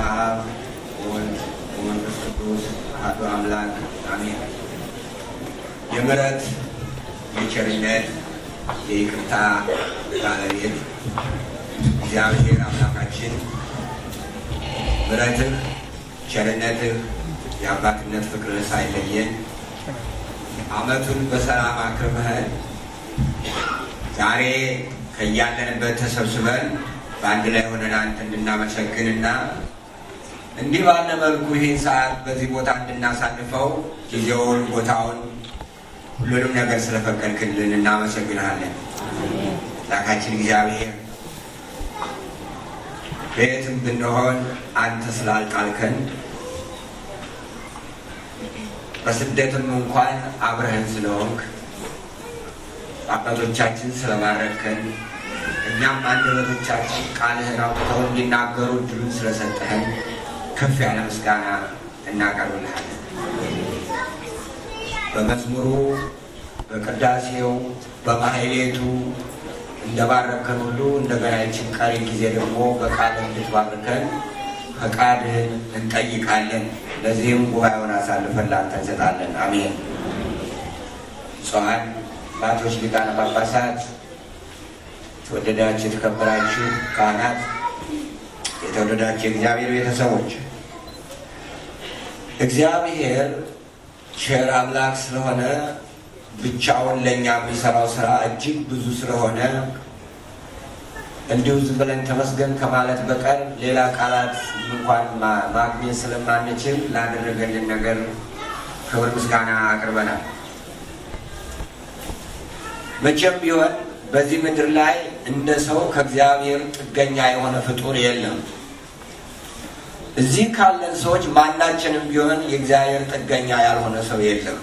በአብ ወልድ ወመንፈስ ቅዱስ አሐዱ አምላክ አሜን። የምሕረት የቸርነት የይቅርታ ባለቤት እግዚአብሔር አምላካችን ምሕረትህ ቸርነትህ የአባትነት ፍቅርህ ሳይለየን ዓመቱን በሰላም አክርመህን ዛሬ ከያለንበት ተሰብስበን በአንድ ላይ ሆነን አንተ እንድናመሰግንና እንዲህ ባለ መልኩ ይህን ሰዓት በዚህ ቦታ እንድናሳልፈው ጊዜውን፣ ቦታውን፣ ሁሉንም ነገር ስለፈቀድክልን እናመሰግናለን። ላካችን እግዚአብሔር በየትም ብንሆን አንተ ስላልጣልከን በስደትም እንኳን አብረህን ስለሆንክ አባቶቻችን ስለባረከን እኛም አንደበቶቻችን ቃልህን አውጥተው እንዲናገሩ እድሉን ስለሰጠህን ከፍ ያለ ምስጋና እናቀርብልሃለን። በመዝሙሩ በቅዳሴው በማህሌቱ እንደባረከን ሁሉ እንደገና ይችን ቀሪ ጊዜ ደግሞ በቃል እንድትባርከን ፈቃድህን እንጠይቃለን። ለዚህም ጉባኤውን አሳልፈን ላንተ እንሰጣለን። አሜን። ጸሐን ባቶች፣ ሊቃነ ጳጳሳት፣ የተወደዳችሁ የተከበራችሁ ካህናት፣ የተወደዳችሁ የእግዚአብሔር ቤተሰቦች እግዚአብሔር ቸር አምላክ ስለሆነ ብቻውን ለእኛ የሚሰራው ስራ እጅግ ብዙ ስለሆነ እንዲሁ ዝም ብለን ተመስገን ከማለት በቀር ሌላ ቃላት እንኳን ማግኘት ስለማንችል ላደረገልን ነገር ክብር ምስጋና አቅርበናል። መቼም ቢሆን በዚህ ምድር ላይ እንደ ሰው ከእግዚአብሔር ጥገኛ የሆነ ፍጡር የለም። እዚህ ካለን ሰዎች ማናችንም ቢሆን የእግዚአብሔር ጥገኛ ያልሆነ ሰው የለም።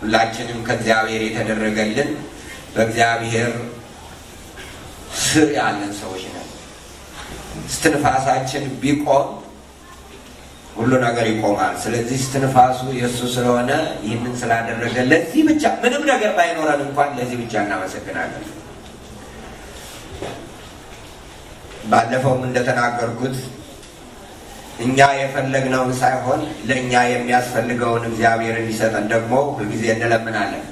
ሁላችንም ከእግዚአብሔር የተደረገልን በእግዚአብሔር ስር ያለን ሰዎች ነን። ስትንፋሳችን ቢቆም ሁሉ ነገር ይቆማል። ስለዚህ ስትንፋሱ የእሱ ስለሆነ ይህንን ስላደረገ ለዚህ ብቻ ምንም ነገር ባይኖረን እንኳን ለዚህ ብቻ እናመሰግናለን። ባለፈውም እንደተናገርኩት እኛ የፈለግነውን ሳይሆን ለእኛ የሚያስፈልገውን እግዚአብሔር እንዲሰጠን ደግሞ ሁልጊዜ እንለምናለን።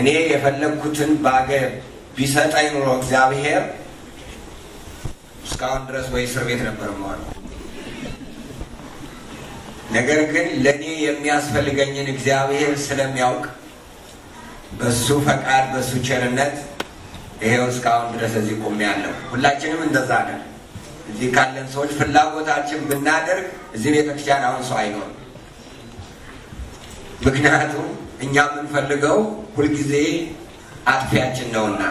እኔ የፈለግኩትን ባገ ቢሰጠኝ ኑሮ እግዚአብሔር እስካሁን ድረስ ወይ እስር ቤት ነበር መዋል። ነገር ግን ለእኔ የሚያስፈልገኝን እግዚአብሔር ስለሚያውቅ በሱ ፈቃድ፣ በሱ ቸርነት ይሄው እስካሁን ድረስ እዚህ ቁሜ ያለሁ። ሁላችንም እንደዛ ነን። እዚህ ካለን ሰዎች ፍላጎታችን ብናደርግ እዚህ ቤተክርስቲያን አሁን ሰው አይኖርም። ምክንያቱም እኛ የምንፈልገው ሁልጊዜ አጥፊያችን ነውና፣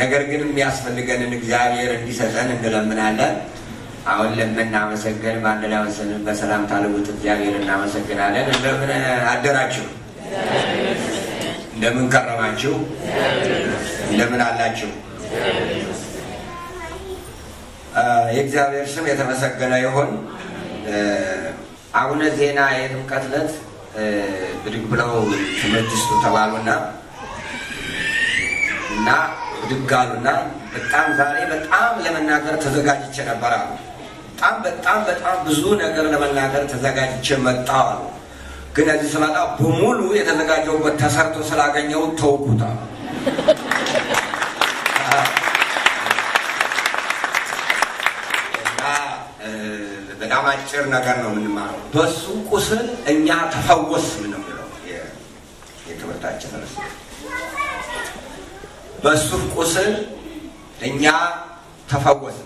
ነገር ግን የሚያስፈልገንን እግዚአብሔር እንዲሰጠን እንለምናለን። አሁን ለምናመሰግን በአንድ ላይ ወሰንን በሰላም ታልቡት እግዚአብሔር እናመሰግናለን። እንደምን አደራችሁ? እንደምን ከረማችሁ? እንደምን አላችሁ? የእግዚአብሔር ስም የተመሰገነ ይሁን። አቡነ ዜና የጥምቀት ዕለት ብድግ ብለው ትምህርት ስጡ ተባሉና እና ብድግ አሉና በጣም ዛሬ በጣም ለመናገር ተዘጋጅቼ ነበር አሉ። በጣም በጣም በጣም ብዙ ነገር ለመናገር ተዘጋጅቼ መጣሁ አሉ። ግን እዚህ ስመጣ በሙሉ የተዘጋጀውበት ተሰርቶ ስላገኘው ተውኩታ ባጭር ነገር ነው የምንማረው። በሱ ቁስል እኛ ተፈወስ ነው የሚለው የትምህርታችን ርዕስ። በሱ ቁስል እኛ ተፈወስ።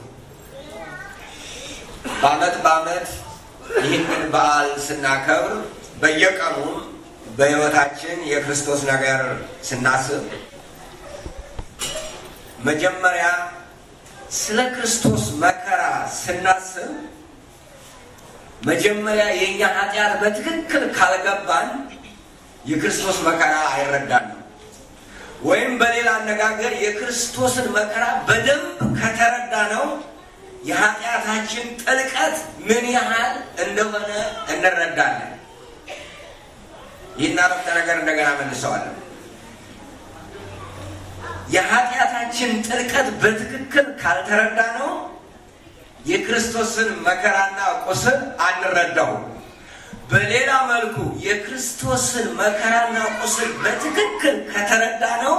በአመት በአመት ይህንን በዓል ስናከብር በየቀኑ በሕይወታችን የክርስቶስ ነገር ስናስብ መጀመሪያ ስለ ክርስቶስ መከራ ስናስብ መጀመሪያ የኛ ኃጢአት በትክክል ካልገባን የክርስቶስ መከራ አይረዳንም። ወይም በሌላ አነጋገር የክርስቶስን መከራ በደንብ ከተረዳ ነው የኃጢአታችን ጥልቀት ምን ያህል እንደሆነ እንረዳለን። ይህን አረፍተ ነገር እንደገና መልሰዋለን። የኃጢአታችን ጥልቀት በትክክል ካልተረዳ ነው የክርስቶስን መከራና ቁስል አንረዳው በሌላ መልኩ የክርስቶስን መከራና ቁስል በትክክል ከተረዳ ነው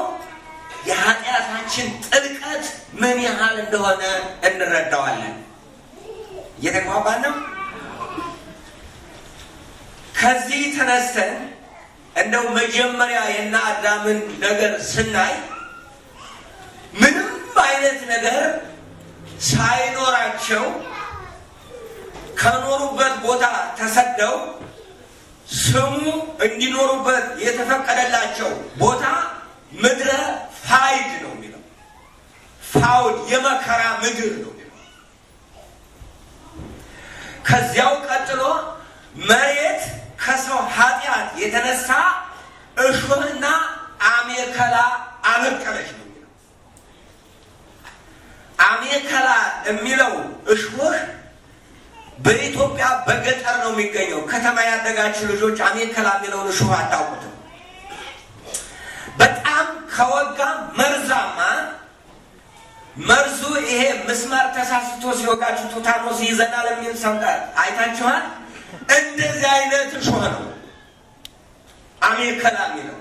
የኃጢአታችን ጥልቀት ምን ያህል እንደሆነ እንረዳዋለን። እየተግባባን ነው። ከዚህ ተነስተን እንደው መጀመሪያ የና አዳምን ነገር ስናይ ምንም አይነት ነገር ሳይኖራቸው ከኖሩበት ቦታ ተሰደው ስሙ እንዲኖሩበት የተፈቀደላቸው ቦታ ምድረ ፋይድ ነው የሚለው። ፋውድ የመከራ ምድር ነው የሚለው። ከዚያው ቀጥሎ መሬት ከሰው ኃጢአት የተነሳ እሾህና አሜከላ አበቀለች ነው አሜከላ የሚለው እሾህ በኢትዮጵያ በገጠር ነው የሚገኘው። ከተማ ያደጋችሁ ልጆች አሜከላ የሚለውን እሾህ አታውቁትም። በጣም ከወጋ መርዛማ መርዙ ይሄ ምስማር ተሳስቶ ሲወጋችሁ ቱታኖስ ይዘናል የሚል ሰምታል አይታችኋል። እንደዚህ አይነት እሾህ ነው አሜከላ የሚለው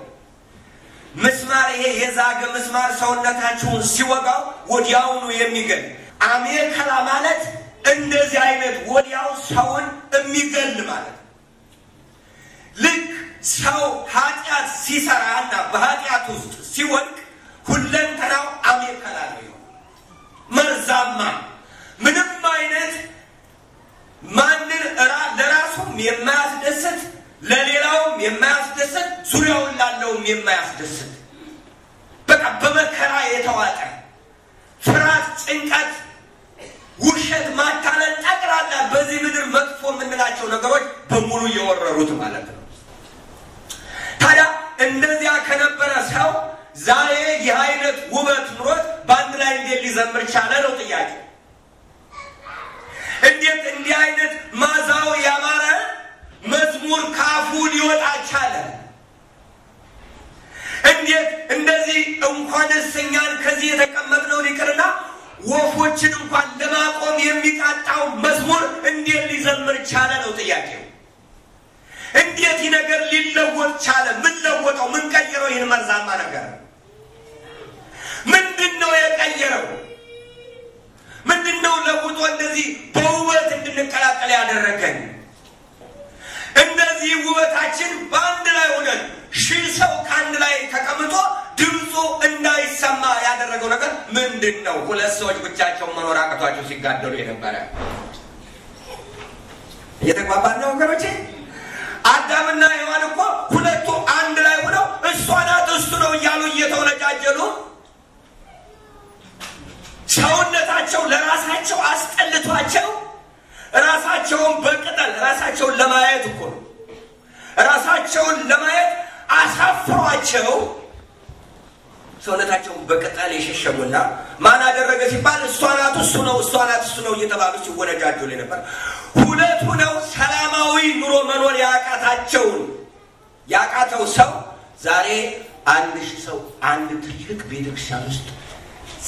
ምስማር ይሄ የዛገ ምስማር ሰውነታችሁን ሲወጋው ወዲያውኑ የሚገል አሜከላ ማለት እንደዚህ አይነት ወዲያው ሰውን የሚገል ማለት ልክ ሰው ኃጢአት ሲሰራና በኃጢአት ውስጥ ሲወድቅ ሁለንተናው አሜከላ ነው። መርዛማ ምንም አይነት ማንን ለራሱም የማያስደስት ለሌላውም የማያስደስት ዙሪያውን ላለውም የማያስደስት በቃ በመከራ የተዋጠ ፍርሃት፣ ጭንቀት፣ ውሸት፣ ማታለል ጠቅላላ በዚህ ምድር መጥፎ የምንላቸው ነገሮች በሙሉ እየወረሩት ማለት ነው። ታዲያ እንደዚያ ከነበረ ሰው ዛሬ ይህ አይነት ውበት ኑሮት በአንድ ላይ እንዴት ሊዘምር ቻለ ነው ጥያቄ። እንዴት እንዲህ አይነት አስረድቷቸው ራሳቸውን በቅጠል ራሳቸውን ለማየት እኮ ነው። ራሳቸውን ለማየት አሳፍሯቸው ሰውነታቸውን በቅጠል የሸሸጉና ማን አደረገ ሲባል እሷ ናት እሱ ነው እሷ ናት እሱ ነው እየተባሉ ሲወነጃጁ ላይ ነበር። ሁለቱ ነው ሰላማዊ ኑሮ መኖር ያቃታቸውን ያቃተው ሰው ዛሬ አንድ ሺህ ሰው አንድ ትልቅ ቤተክርስቲያን ውስጥ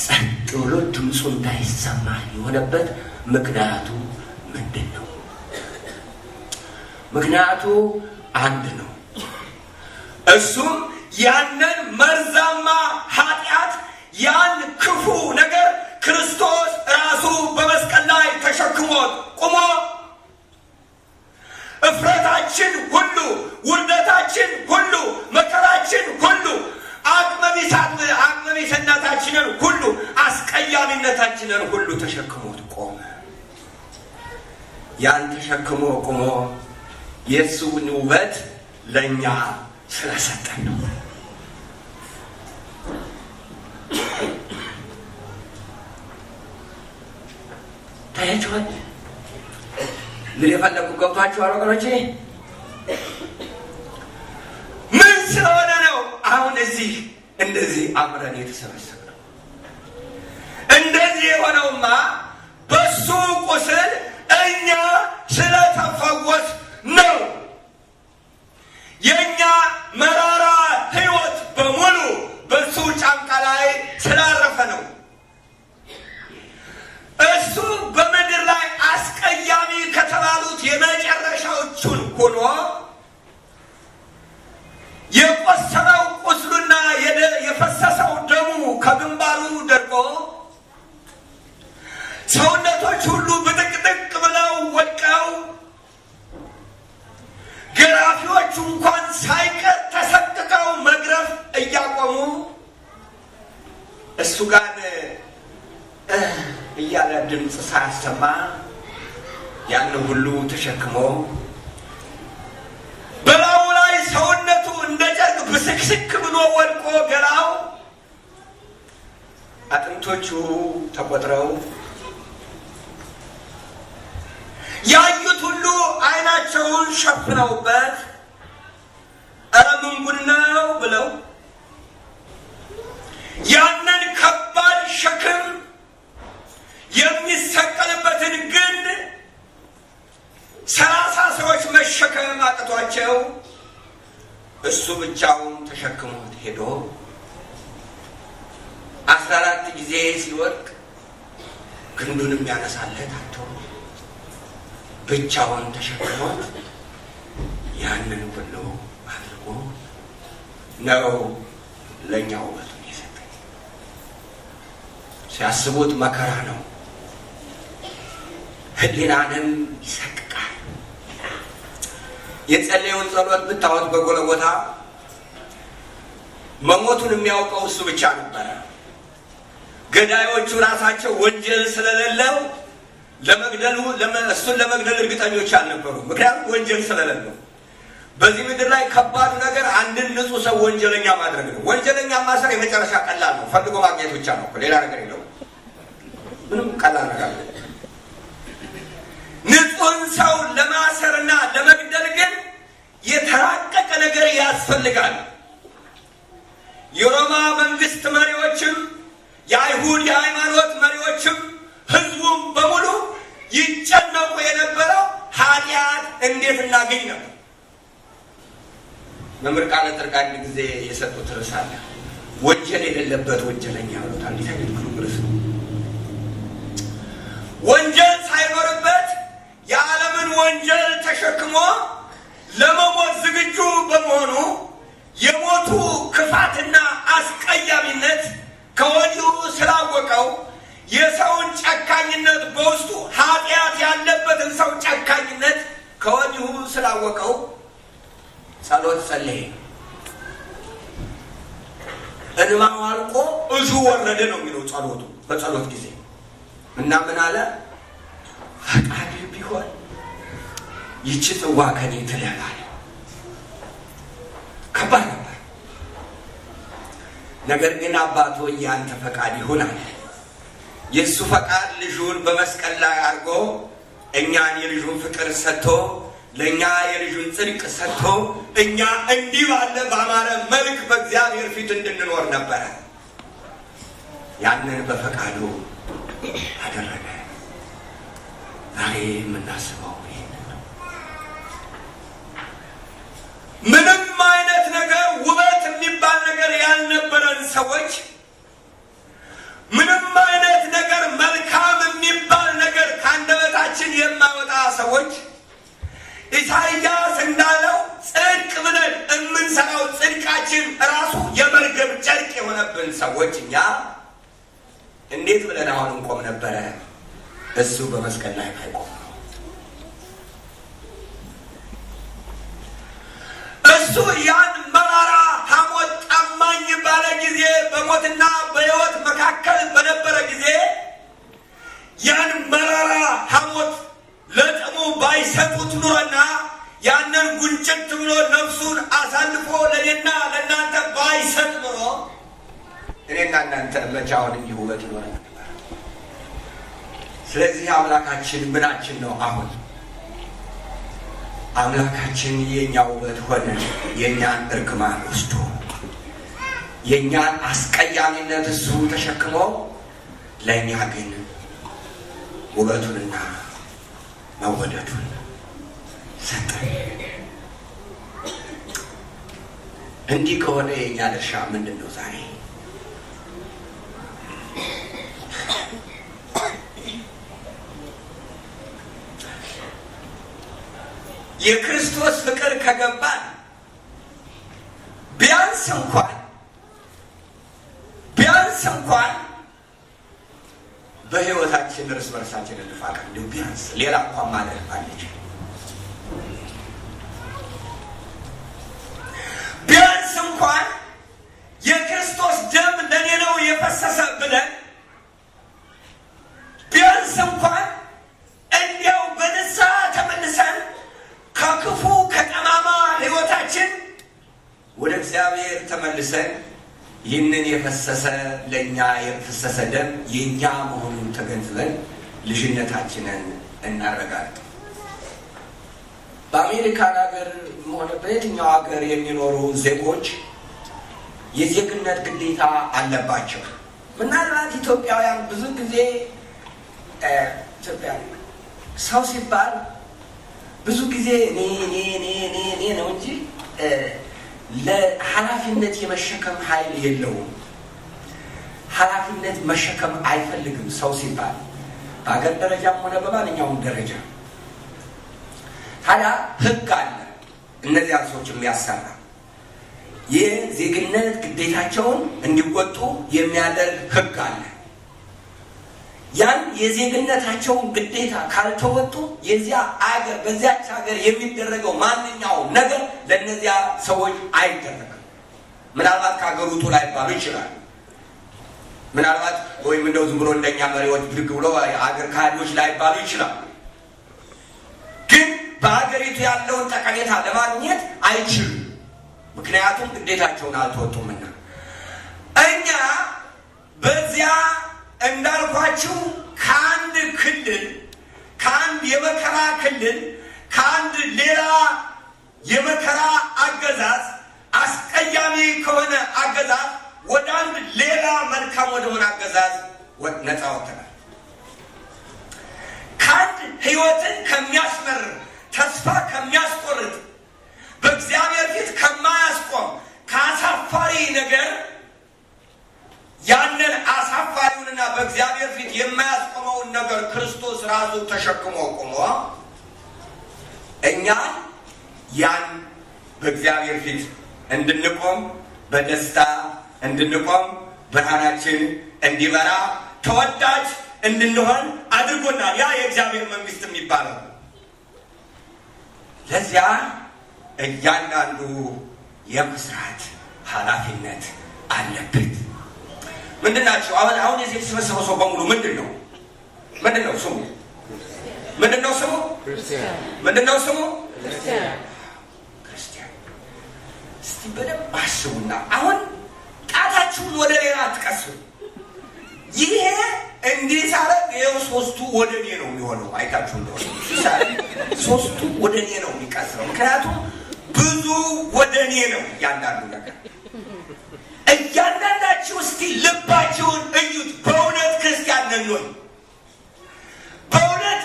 ጸጥ ብሎ ድምፁ እንዳይሰማ የሆነበት ምክንያቱ ምንድን ነው? ምክንያቱ አንድ ነው። እሱም ያንን መርዛ ያን ተሸክሞ ቁሞ የእሱን ውበት ለእኛ ስለሰጠን ነው። ታያችኋል። ምን የፈለጉ ገብቷችኋል ወገኖቼ? ምን ስለሆነ ነው አሁን እዚህ እንደዚህ አምረን ነው? እንደዚህ የሆነውማ Children can ያን ሁሉ ተሸክሞ በላዩ ላይ ሰውነቱ እንደ ጨርቅ ብስክስክ ብሎ ወድቆ ገላው አጥንቶቹ ተቆጥረው ያዩት ሁሉ አይናቸውን ሸፍነውበት ኧረ ነው ብለው ያንን ከባድ ሸክም የሚሰቀልበትን ግንድ ሰላሳ ሰዎች መሸከም አቅቷቸው እሱ ብቻውን ተሸክሞት ሄዶ አስራ አራት ጊዜ ሲወድቅ ግንዱን የሚያነሳለት አቶ ብቻውን ተሸክሞት ያንን ሁሉ አድርጎ ነው ለእኛ ውበቱን የሰጠኝ። ሲያስቡት መከራ ነው፣ ሕሊናንም ይሰቅ የጸለየውን ጸሎት ብታወት በጎለቦታ መሞቱን የሚያውቀው እሱ ብቻ ነበረ። ገዳዮቹ ራሳቸው ወንጀል ስለሌለው ለመግደሉ እሱን ለመግደል እርግጠኞች አልነበሩ፣ ምክንያቱም ወንጀል ስለሌለው። በዚህ ምድር ላይ ከባዱ ነገር አንድን ንጹህ ሰው ወንጀለኛ ማድረግ ነው። ወንጀለኛ ማሰር የመጨረሻ ቀላል ነው፣ ፈልጎ ማግኘት ብቻ ነው። ሌላ ነገር የለው። ምንም ቀላል ነገር ንጹሕን ሰው ለማሰርና ለመግደል ግን የተራቀቀ ነገር ያስፈልጋል። የሮማ መንግስት መሪዎችም የአይሁድ የሃይማኖት መሪዎችም ህዝቡም በሙሉ ይጨነቁ የነበረው ኃጢአት እንዴት እናገኝ ነው። መምህር ቃለ ጥርቅ አንድ ጊዜ የሰጡት ርዕስ አለ። ወንጀል የሌለበት ወንጀለኛ ብሎት አንዲት አይነት ግሩም ርዕስ ነው። ወንጀል ወንጀል ተሸክሞ ለመሞት ዝግጁ በመሆኑ የሞቱ ክፋትና አስቀያሚነት ከወዲሁ ስላወቀው የሰውን ጨካኝነት በውስጡ ኃጢአት ያለበትን ሰው ጨካኝነት ከወዲሁ ስላወቀው ጸሎት ጸለየ። እንባው አልቆ እዙ ወረደ ነው የሚለው ጸሎቱ። በጸሎት ጊዜ እና ምን አለ ፈቃድህ ቢሆን ይቺ ጽዋ ከኔ ትለፍ ከባድ ነበር። ነገር ግን አባቶ ያንተ ፈቃድ ይሁን አለ። የእሱ ፈቃድ ልጁን በመስቀል ላይ አድርጎ እኛን የልጁን ፍቅር ሰጥቶ ለእኛ የልጁን ጽድቅ ሰጥቶ እኛ እንዲህ ባለ በአማረ መልክ በእግዚአብሔር ፊት እንድንኖር ነበረ። ያንን በፈቃዱ አደረገ። ዛሬ የምናስበው ምንም አይነት ነገር ውበት የሚባል ነገር ያልነበረን ሰዎች ምንም አይነት ነገር መልካም የሚባል ነገር ከአንደበታችን የማወጣ ሰዎች ኢሳይያስ እንዳለው ጽድቅ ብለን የምንሰራው ጽድቃችን ራሱ የመርገም ጨርቅ የሆነብን ሰዎች እኛ እንዴት ብለን አሁን እንቆም ነበረ? እሱ በመስቀል ላይ አይቆም። ያን መራራ ሐሞት ጠማኝ ባለ ጊዜ በሞትና በሕይወት መካከል በነበረ ጊዜ ያን መራራ ሐሞት ለጥሙ ባይሰጡት ኑሮና ያንን ጉንጭት ብሎ ነፍሱን አሳልፎ ለእኔና ለእናንተ ባይሰጥ ኑሮ እኔና እናንተ መቼ አሁን ውበት ይኖረ ነበር። ስለዚህ አምላካችን ምናችን ነው አሁን አምላካችን የእኛ ውበት ሆነ የእኛን እርግማን ወስዶ የእኛን አስቀያሚነት እሱ ተሸክሞ ለእኛ ግን ውበቱንና መወደዱን ሰጠ። እንዲህ ከሆነ የእኛ ድርሻ ምንድን ነው ዛሬ? የክርስቶስ ፍቅር ከገባ ቢያንስ እንኳን ቢያንስ እንኳን በህይወታችን እርስ በርሳችን እንፋቀር። እንዲሁ ቢያንስ ሌላ እንኳን ማለት ባለች ቢያንስ እንኳን የፈሰሰ ለእኛ የፈሰሰ ደም የእኛ መሆኑን ተገንዝበን ልጅነታችንን እናረጋግጥ። በአሜሪካን ሀገር ሆነ በየትኛው ሀገር የሚኖሩ ዜጎች የዜግነት ግዴታ አለባቸው። ምናልባት ኢትዮጵያውያን ብዙ ጊዜ ኢትዮጵያ ሰው ሲባል ብዙ ጊዜ እኔ ነው እንጂ ለኃላፊነት የመሸከም ኃይል የለውም። ኃላፊነት መሸከም አይፈልግም ሰው ሲባል በሀገር ደረጃም ሆነ በማንኛውም ደረጃ። ታዲያ ህግ አለ እነዚያ ሰዎች የሚያሰራ የዜግነት ግዴታቸውን እንዲወጡ የሚያደርግ ህግ አለ። ያን የዜግነታቸውን ግዴታ ካልተወጡ የዚያ አገር በዚያች ሀገር የሚደረገው ማንኛውም ነገር ለእነዚያ ሰዎች አይደረግም። ምናልባት ከሀገሩቱ ላይ ላይባሉ ይችላል። ምናልባት ወይም እንደው ዝም ብሎ እንደኛ መሪዎች ብድግ ብሎ አገር ካህዶች ላይባሉ ይችላል። ግን በሀገሪቱ ያለውን ጠቀሜታ ለማግኘት አይችሉም። ምክንያቱም ግዴታቸውን አልተወጡምና እኛ በዚያ እንዳልኳችሁ ከአንድ ክልል ከአንድ የመከራ ክልል ከአንድ ሌላ የመከራ አገዛዝ አስቀያሚ ከሆነ አገዛዝ ወደ አንድ ሌላ መልካም ወደሆነ አገዛዝ ነፃ ወጥተናል። ከአንድ ህይወትን ከሚያስመር ተስፋ ከሚያስቆርጥ በእግዚአብሔር ፊት ከማያስቆም ከአሳፋሪ ነገር ያንን አሳፋሪውንና በእግዚአብሔር ፊት የማያስቆመውን ነገር ክርስቶስ ራሱ ተሸክሞ ቆሞ እኛ ያን በእግዚአብሔር ፊት እንድንቆም በደስታ እንድንቆም ብርሃናችን እንዲበራ ተወዳጅ እንድንሆን አድርጎናል። ያ የእግዚአብሔር መንግስት የሚባለው ለዚያ እያንዳንዱ የመስራት ኃላፊነት አለበት። ምንድን ናቸው? አሁን አሁን የዚህ የተሰበሰበው ሰው በሙሉ ምንድን ነው? ምንድን ነው ስሙ? ምንድን ነው ስሙ? ምንድን ነው ስሙ? ክርስቲያን። እስቲ በደንብ አስቡና አሁን ራሳችሁን ወደ ሌላ አትቀስሩ። ይሄ እንዴት ሳረግ ይኸው ሶስቱ ወደ እኔ ነው የሚሆነው። አይታችሁ እንደሆነ ሶስቱ ወደ እኔ ነው የሚቀስረው። ምክንያቱም ብዙ ወደ እኔ ነው እያንዳንዱ ነገር። እያንዳንዳችሁ እስቲ ልባችሁን እዩት። በእውነት ክርስቲያን ነን ወይ? በእውነት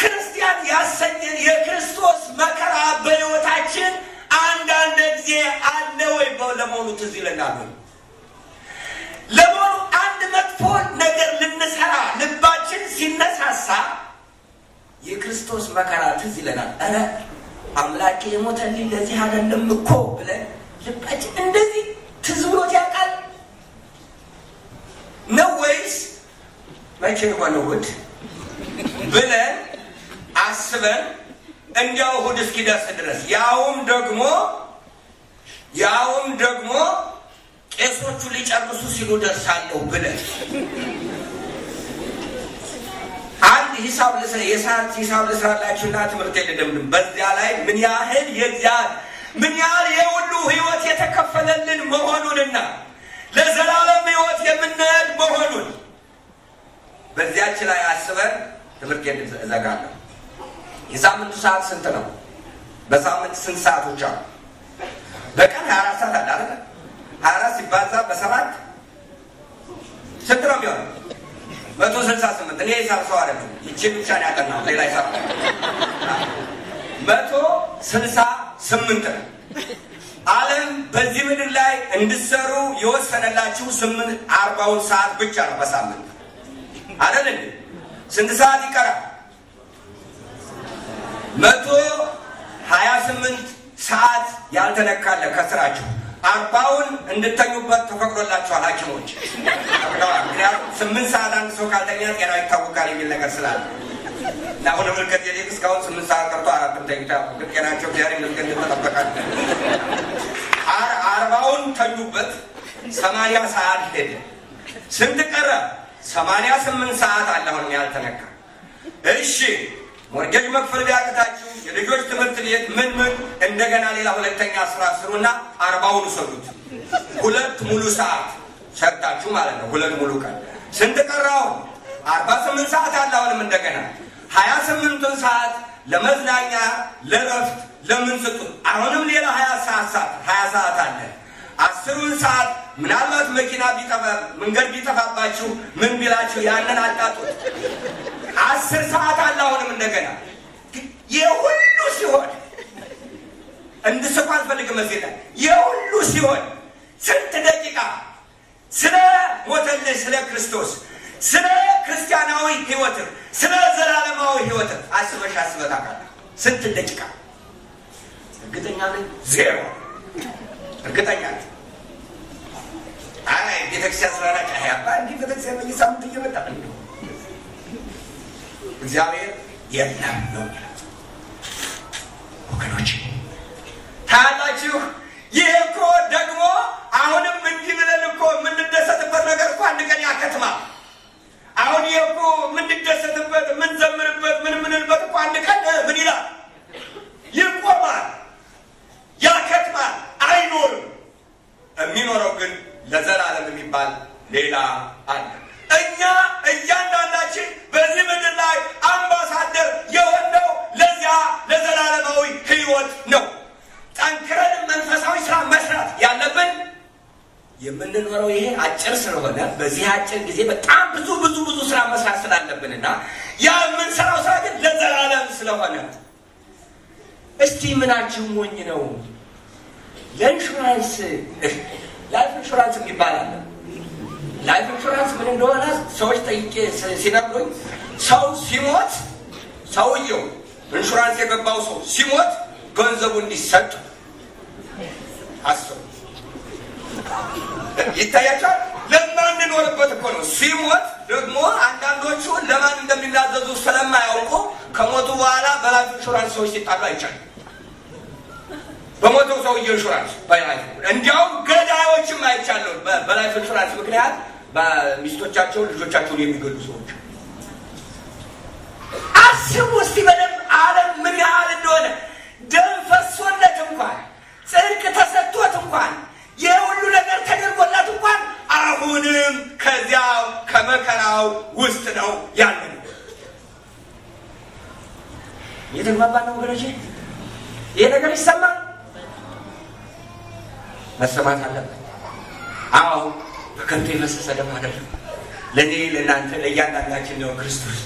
ክርስቲያን ያሰኘን የክርስቶስ መከራ በሕይወታችን አንዳንድ ጊዜ አለ ወይ? ለመሆኑ ትዝ ይለናል ወይ? መጥፎን ነገር ልንሰራ ልባችን ሲነሳሳ የክርስቶስ መከራ ትዝ ይለናል። እረ አምላኬ የሞተልኝ ለዚህ አይደለም እኮ ብለን ልባችን እንደዚህ ትዝ ብሎት ያውቃል ነው ወይስ መቼ የሆነ እሑድ ብለን አስበን እንዲያው እሑድ እስኪደርስ ድረስ ያውም ደግሞ ያውም ደግሞ ቄሶቹ ሊጨርሱ ሲሉ ደርሳለሁ ብለ አንድ ሂሳብ የሰዓት ሂሳብ ልስራላችሁና ትምህርት የለደምድም በዚያ ላይ ምን ያህል የዚያን ምን ያህል የሁሉ ህይወት የተከፈለልን መሆኑንና ለዘላለም ህይወት የምንሄድ መሆኑን በዚያች ላይ አስበን ትምህርት እዘጋለሁ። የሳምንቱ ሰዓት ስንት ነው? በሳምንት ስንት ሰዓቶች አሉ? በቀን 24 ሰዓት አለ አይደል? ሲባዛ በሰባት ስንት ነው የሚሆነው? መቶ ስልሳ ስምንት እኔ ሂሳብ ሰው አይደለም። ይቺ ብቻ ነው ያጠናሁት፣ ሌላ ሂሳብ መቶ ስልሳ ስምንት ነው። ዓለም በዚህ ምድር ላይ እንድሰሩ የወሰነላችሁ ስምንት አርባውን ሰዓት ብቻ ነው በሳምንት አይደል እንዴ? ስንት ሰዓት ይቀራል? መቶ ሀያ ስምንት ሰዓት ያልተነካለ ከስራችሁ አርባውን እንድተኙበት ተፈቅዶላቸዋል ሐኪሞች ምክንያቱም ስምንት ሰዓት አንድ ሰው ካልተኛ ጤናው ይታወቃል የሚል ነገር ስላለ ለአሁን ምልከት የሌቅ እስካሁን ስምንት ሰዓት ቀርቶ አራት ተኝታ ጤናቸው እግዚአብሔር ምልከት ተጠበቃል። አርባውን ተኙበት ሰማንያ ሰዓት ሄደ። ስንት ቀረ? ሰማንያ ስምንት ሰዓት አለ አሁንም ያልተነካ። እሺ ሞርጌጅ መክፈል ቢያቅታችሁ ልጆች ትምህርት ቤት ምን ምን እንደገና ሌላ ሁለተኛ ስራ ስሩና አርባውን ሰዱት። ሁለት ሙሉ ሰዓት ሰጣችሁ ማለት ነው። ሁለት ሙሉ ቀን ስንት ቀራው? አርባ ስምንት ሰዓት አለ። አሁንም እንደገና ሀያ ስምንቱን ሰዓት ለመዝናኛ ለረፍት ለምን ስጡ። አሁንም ሌላ ሀያ ሰዓት ሰዓት ሀያ ሰዓት አለ። አስሩን ሰዓት ምናልባት መኪና ቢጠፋ መንገድ ቢጠፋባችሁ ምን ቢላችሁ ያንን አጣጡት። አስር ሰዓት አለ። አሁንም እንደገና አያስፈልግም። እዚህ ላይ የሁሉ ሲሆን ስንት ደቂቃ ስለ ሞተልህ ስለ ክርስቶስ ስለ ክርስቲያናዊ ህይወት ስለ ዘላለማዊ ህይወት አስበሽ አስበት አካል ስንት ደቂቃ እርግጠኛ ነኝ ዜሮ። እርግጠኛ ነኝ አይ ቤተክርስቲያን ስላላቅ ያባ እንዲህ ቤተክርስቲያን በየሳምንቱ እየመጣ እንዲሁ እግዚአብሔር የለም ነው ወገኖች ታያላችሁ። ይህ እኮ ደግሞ አሁንም እንዲህ ብለን እኮ የምንደሰትበት ነገር እኮ አንድ ቀን ያከትማል። አሁን ይህ እኮ የምንደሰትበት፣ የምንዘምርበት፣ ምን ምንልበት እኮ አንድ ቀን ምን ይላል? ይቆማል፣ ያከትማል፣ አይኖርም። የሚኖረው ግን ለዘላለም የሚባል ሌላ አለ። የምንኖረው ይሄ አጭር ስለሆነ በዚህ አጭር ጊዜ በጣም ብዙ ብዙ ብዙ ስራ መስራት ስላለብን ያ የምንሰራው ስራ ግን ለዘላለም ስለሆነ እስቲ ምናችሁ ሞኝ ነው። ለኢንሹራንስ ላይፍ ኢንሹራንስ የሚባላለ ላይፍ ኢንሹራንስ ምን እንደሆነ ሰዎች ጠይቄ ሲነግሩኝ ሰው ሲሞት ሰውየው ኢንሹራንስ የገባው ሰው ሲሞት ገንዘቡ እንዲሰጥ አስቡ። ይታያቸዋል። ለማንኖርበት እኮ ነው። ሲሞት ደግሞ አንዳንዶቹ ለማን እንደሚናዘዙ ስለማያውቁ ከሞቱ በኋላ በላይፍ ኢንሹራንስ ሰዎች ሲጣሉ አይቻልም። በሞተው ሰውዬ ኢንሹራንስ በላይፍ እንዲያውም ገዳዮችም አይቻለሁ። በላይፍ ኢንሹራንስ ምክንያት ሚስቶቻቸውን፣ ልጆቻቸውን የሚገሉ ሰዎች አስቡ እስቲ በደንብ ዓለም ምን ያህል እንደሆነ ደም ፈሶለት እንኳን ጽድቅ ተሰጥቶት እንኳን ይህ ሁሉ ነገር ተደርጎላት እንኳን አሁንም ከዚያው ከመከራው ውስጥ ነው ያለ ነው። የተግባባ ነው ወገኖች። ይህ ነገር ይሰማል፣ መሰማት አለበት። አዎ በከንቱ የፈሰሰ ደግሞ አይደለም። ለእኔ ለእናንተ ለእያንዳንዳችን ነው ክርስቶስ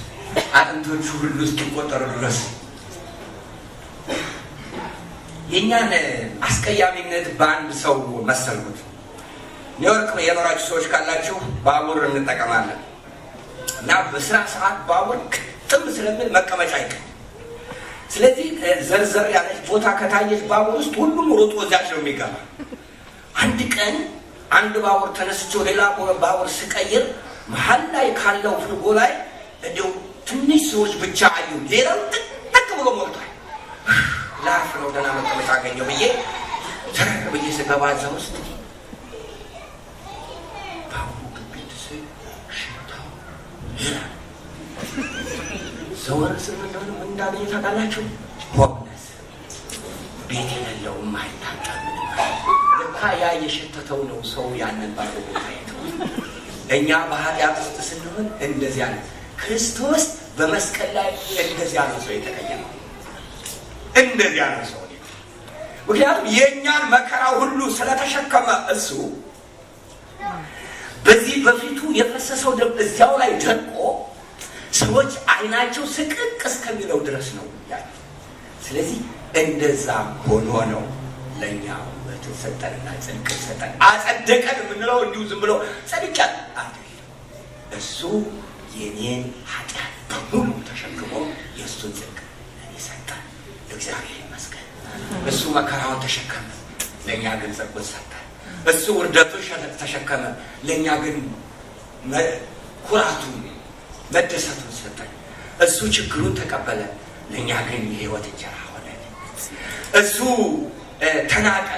አጥንቶቹ ሁሉ እስኪቆጠሩ ድረስ የእኛን አስቀያሚነት በአንድ ሰው መሰልኩት። ኒውዮርክ የኖራችሁ ሰዎች ካላችሁ ባቡር እንጠቀማለን እና በስራ ሰዓት ባቡር ቅጥም ስለሚል መቀመጫ አይቀር። ስለዚህ ዘርዘር ያለች ቦታ ከታየች ባቡር ውስጥ ሁሉም ሮጦ እዚያች ነው የሚገባ። አንድ ቀን አንድ ባቡር ተነስቼው ሌላ ባቡር ስቀይር መሀል ላይ ካለው ፍልጎ ላይ እንዲሁ ትንሽ ሰዎች ብቻ አዩ። ሌላው ጥቅ ብሎ ሞልቷል። ላፍ ነው ደህና መቀመጫ አገኘው ብዬ ተር ብዬ ስገባ እዛ ውስጥ ዘወር ስምንሆን እንዳገኘ ታውቃላችሁ። ሆምለስ ቤት የሌለው ማይታጣ ልካ ያ የሸተተው ነው ሰው ያንን ባለ ቦታ የተው። እኛ በኃጢአት ውስጥ ስንሆን እንደዚያ ነው። ክርስቶስ በመስቀል ላይ እንደዚያ ነው ሰው የተቀየረ እንደዚያ ነው ሰው። ምክንያቱም የእኛን መከራ ሁሉ ስለተሸከመ እሱ በዚህ በፊቱ የፈሰሰው ደም እዚያው ላይ ደርቆ ሰዎች አይናቸው ስቅቅ እስከሚለው ድረስ ነው ያለ። ስለዚህ እንደዛ ሆኖ ነው ለእኛ ውበት ሰጠንና ጽድቅ ሰጠን። አጸደቀን የምንለው እንዲሁ ዝም ብሎ ጸድቀን አይደለም። እሱ የኔን ኃጢአት በሙሉ ተሸክሞ የእሱን ጽድቅ እግዚአብሔር ይመስገን። እሱ መከራውን ተሸከመ፣ ለእኛ ግን ጸጉን ሰጠ። እሱ ውርደቱን ተሸከመ፣ ለእኛ ግን ኩራቱን መደሰቱን ሰጠ። እሱ ችግሩን ተቀበለ፣ ለእኛ ግን የህይወት እንጀራ ሆነ። እሱ ተናቀ፣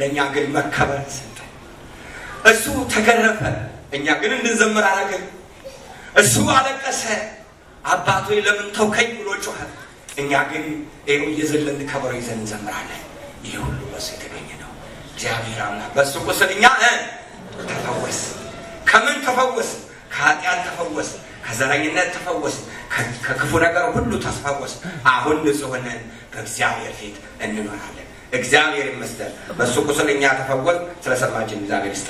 ለእኛ ግን መከበር ሰጠ። እሱ ተገረፈ፣ እኛ ግን እንድንዘምር አረገ። እሱ አለቀሰ፣ አባቶ ለምን ተውከኝ ብሎ ጮኸ። እኛ ግን ይኸው እየዘለን ከበሮ ይዘን እንዘምራለን። ይህ ሁሉ በሱ የተገኘ ነው። እግዚአብሔር አምላክ በሱ ቁስል እኛ ተፈወስ። ከምን ተፈወስ? ከኃጢአት ተፈወስ፣ ከዘረኝነት ተፈወስ፣ ከክፉ ነገር ሁሉ ተፈወስ። አሁን ንጹሕ ነን፣ በእግዚአብሔር ፊት እንኖራለን። እግዚአብሔር ይመስገን። በሱ ቁስል እኛ ተፈወስ። ስለሰማችን እግዚአብሔር ይስጥ።